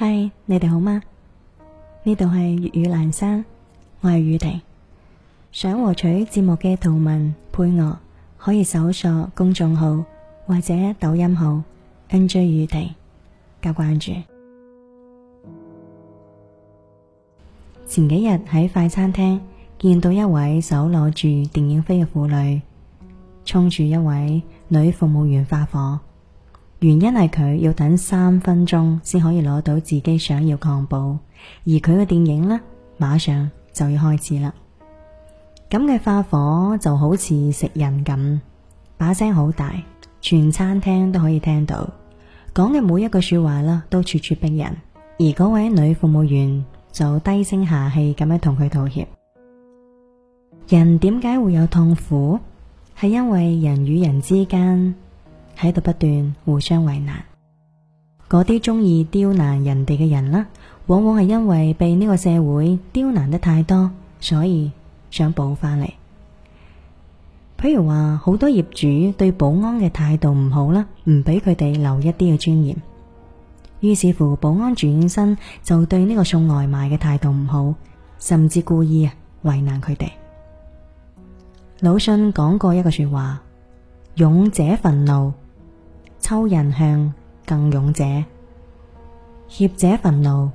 嗨，Hi, 你哋好嗎？呢度係粵語蘭山，我係雨婷。想獲取節目嘅圖文配樂，可以搜索公眾號或者抖音號 NJ 雨婷加關注。前幾日喺快餐廳見到一位手攞住電影飛嘅婦女，衝住一位女服務員發火。原因係佢要等三分鐘先可以攞到自己想要抗暴，而佢嘅電影呢，馬上就要開始啦。咁嘅發火就好似食人咁，把聲好大，全餐廳都可以聽到。講嘅每一句說話啦，都咄咄逼人。而嗰位女服務員就低聲下氣咁樣同佢道歉。人點解會有痛苦？係因為人與人之間。喺度不斷互相為難，嗰啲中意刁難人哋嘅人啦，往往係因為被呢個社會刁難得太多，所以想補翻嚟。譬如話好多業主對保安嘅態度唔好啦，唔俾佢哋留一啲嘅尊嚴，於是乎保安轉身就對呢個送外賣嘅態度唔好，甚至故意啊為難佢哋。魯迅講過一個說話：勇者憤怒。抽人向更勇者，怯者憤怒，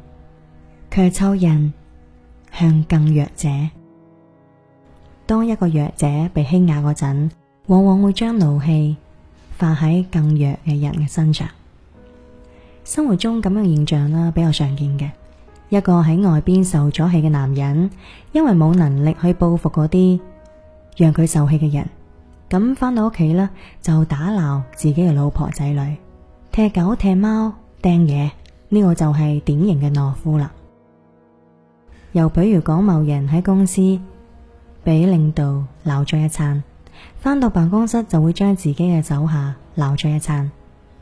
卻抽人向更弱者。當一個弱者被欺壓嗰陣，往往會將怒氣發喺更弱嘅人嘅身上。生活中咁樣現象啦，比較常見嘅。一個喺外邊受咗氣嘅男人，因為冇能力去報復嗰啲讓佢受氣嘅人，咁翻到屋企呢，就打鬧自己嘅老婆仔女，踢狗踢貓掟嘢，呢個就係典型嘅懦夫啦。又比如講，某人喺公司俾領導鬧咗一餐，翻到辦公室就會將自己嘅手下鬧咗一餐，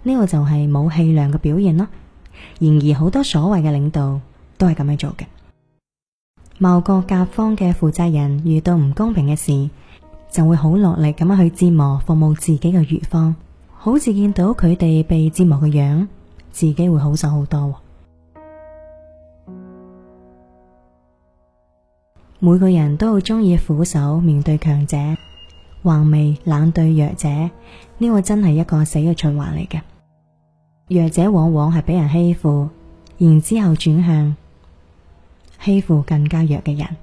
呢個就係冇氣量嘅表現咯。然而，好多所謂嘅領導都係咁樣做嘅。某個甲方嘅負責人遇到唔公平嘅事，就會好落力咁樣去折磨服務自己嘅乙方，好似見到佢哋被折磨嘅樣，自己會好受好多。 每個人都好中意俯首面對強者，橫眉冷對弱者，呢個真係一個死嘅循環嚟嘅。弱者往往係俾人欺負，然之後轉向欺負更加弱嘅人。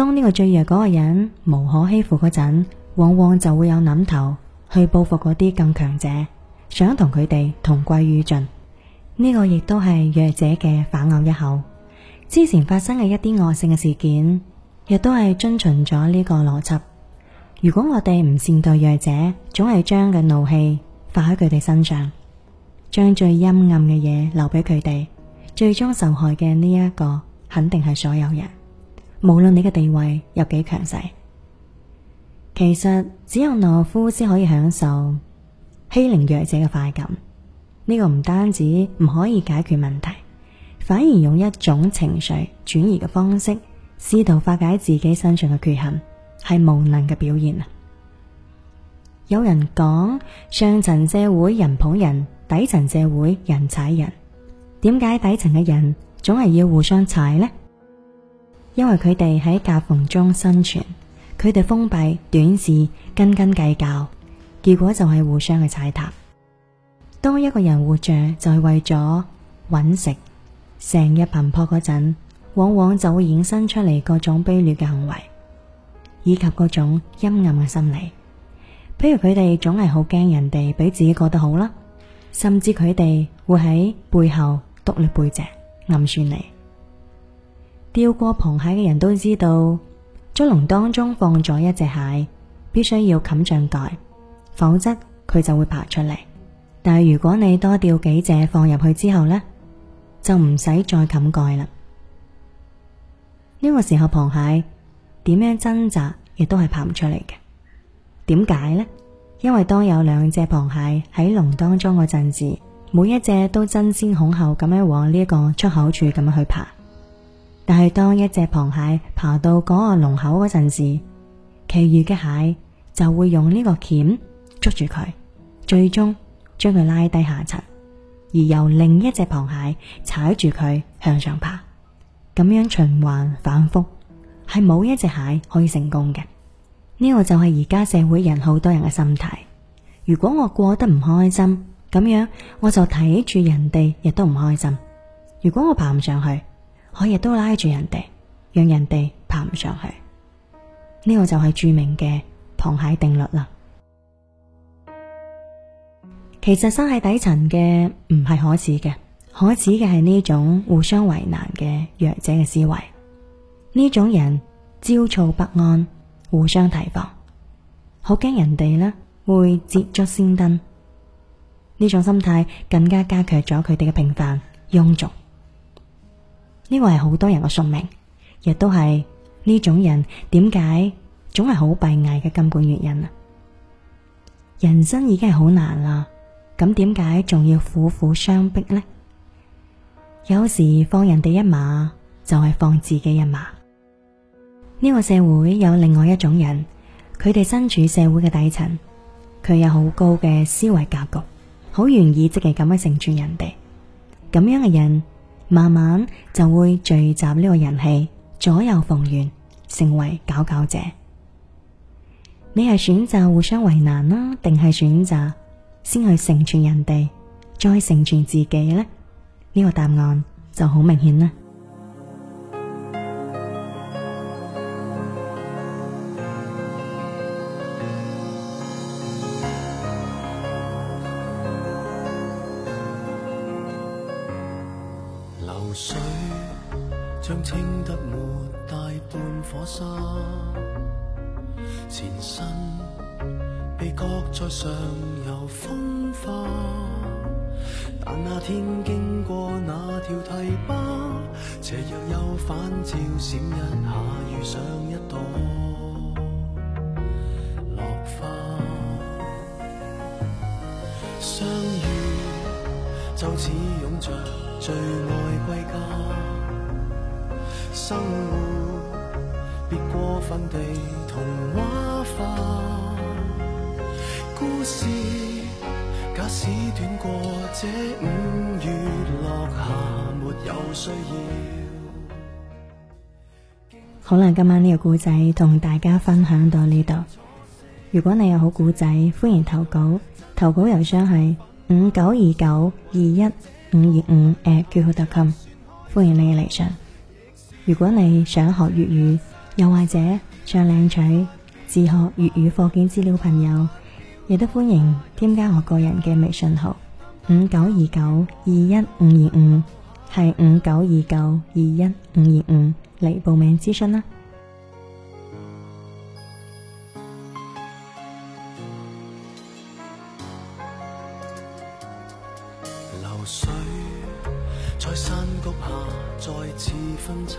當呢個最弱嗰個人無可欺負嗰陣，往往就會有諗頭去報復嗰啲更強者，想同佢哋同歸於盡。呢個亦都係弱者嘅反咬一口。之前發生嘅一啲惡性嘅事件，亦都係遵循咗呢個邏輯。如果我哋唔善待弱者，總係將嘅怒氣發喺佢哋身上，將最陰暗嘅嘢留俾佢哋，最終受害嘅呢一個肯定係所有人。無論你嘅地位有幾強勢，其實只有懦夫先可以享受欺凌弱者嘅快感。呢個唔單止唔可以解決問題，反而用一種情緒轉移嘅方式，試圖化解自己身上嘅缺陷，係無能嘅表現啊！有人講，上層社會人捧人，底層社會人踩人。點解底層嘅人總係要互相踩呢？因為佢哋喺夾縫中生存，佢哋封閉、短視、斤斤計較，結果就係互相嘅踩踏。當一個人活着就係為咗揾食，成日頻撲嗰陣，往往就會衍生出嚟各種卑劣嘅行為，以及各種陰暗嘅心理。譬如佢哋總係好驚人哋比自己過得好啦，甚至佢哋會喺背後篤你背脊，暗算你。釣過螃蟹嘅人都知道，竹籠當中放咗一隻蟹，必須要冚上蓋，否則佢就會爬出嚟。但係如果你多釣幾隻放入去之後呢，就唔使再冚蓋啦。呢個時候螃蟹點樣掙扎，亦都係爬唔出嚟嘅。點解呢？因為當有兩隻螃蟹喺籠當中嗰陣時，每一隻都爭先恐後咁樣往呢一個出口處咁樣去爬。但係當一隻螃蟹爬到嗰個籠口嗰陣時，其餘嘅蟹就會用呢個鉗捉住佢，最終將佢拉低下層，而由另一隻螃蟹踩住佢向上爬，咁樣循環反覆，係冇一隻蟹可以成功嘅。呢個就係而家社會人好多人嘅心態。如果我過得唔開心，咁樣我就睇住人哋亦都唔開心。如果我爬唔上去。我亦都拉住人哋，讓人哋爬唔上去。呢個就係著名嘅螃蟹定律啦。其實生喺底層嘅唔係可恥嘅，可恥嘅係呢種互相為難嘅弱者嘅思維。呢種人焦躁不安，互相提防，好驚人哋咧會捷足先登。呢種心態更加加劇咗佢哋嘅平凡庸俗。呢個係好多人嘅宿命，亦都係呢種人點解總係好閉翳嘅根本原因啊！人生已經係好難啦，咁點解仲要苦苦相逼呢？有時放人哋一馬，就係放自己一馬。呢個社會有另外一種人，佢哋身處社會嘅底層，佢有好高嘅思維格局，好願意積極咁樣成全人哋。咁樣嘅人。慢慢就會聚集呢個人氣，左右逢源，成為佼佼者。你係選擇互相為難啦，定係選擇先去成全人哋，再成全自己呢？呢個答案就好明顯啦。前身被擱在上游風化，但那天經過那條堤壩，斜陽又反照閃一下，遇上一朵落花。相遇就此擁着，最愛歸家，生活。別過分地童話化故事，假使短過這五月落霞，沒有需要。好啦，今晚呢個故仔同大家分享到呢度。如果你有好故仔，歡迎投稿，投稿郵箱係五九二九二一五二五，誒，QQ 特琴，歡迎你嘅嚟上。如果你想學粵語。又或者想領取自學粵語課件資料，朋友亦都歡迎添加我個人嘅微信號五九二九二一五二五，係五九二九二一五二五嚟報名諮詢啦。流水在山谷下再次分叉。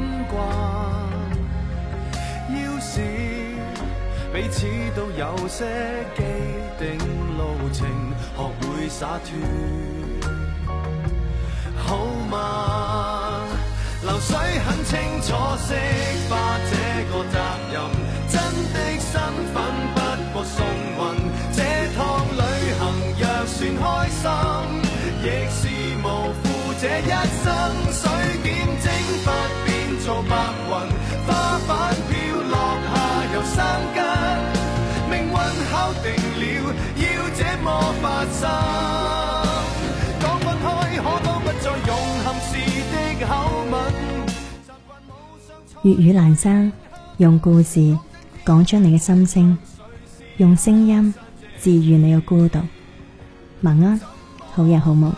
彼此都有些既定路程，學會灑脫，好嗎？流水很清楚，惜花這個責任，真的身份不過送運，這趟旅行若算開心，亦是無負這一生。水點蒸發變做白雲。粵語闌生，用故事講出你嘅心聲，用聲音治愈你嘅孤獨。晚安，好夜好夢。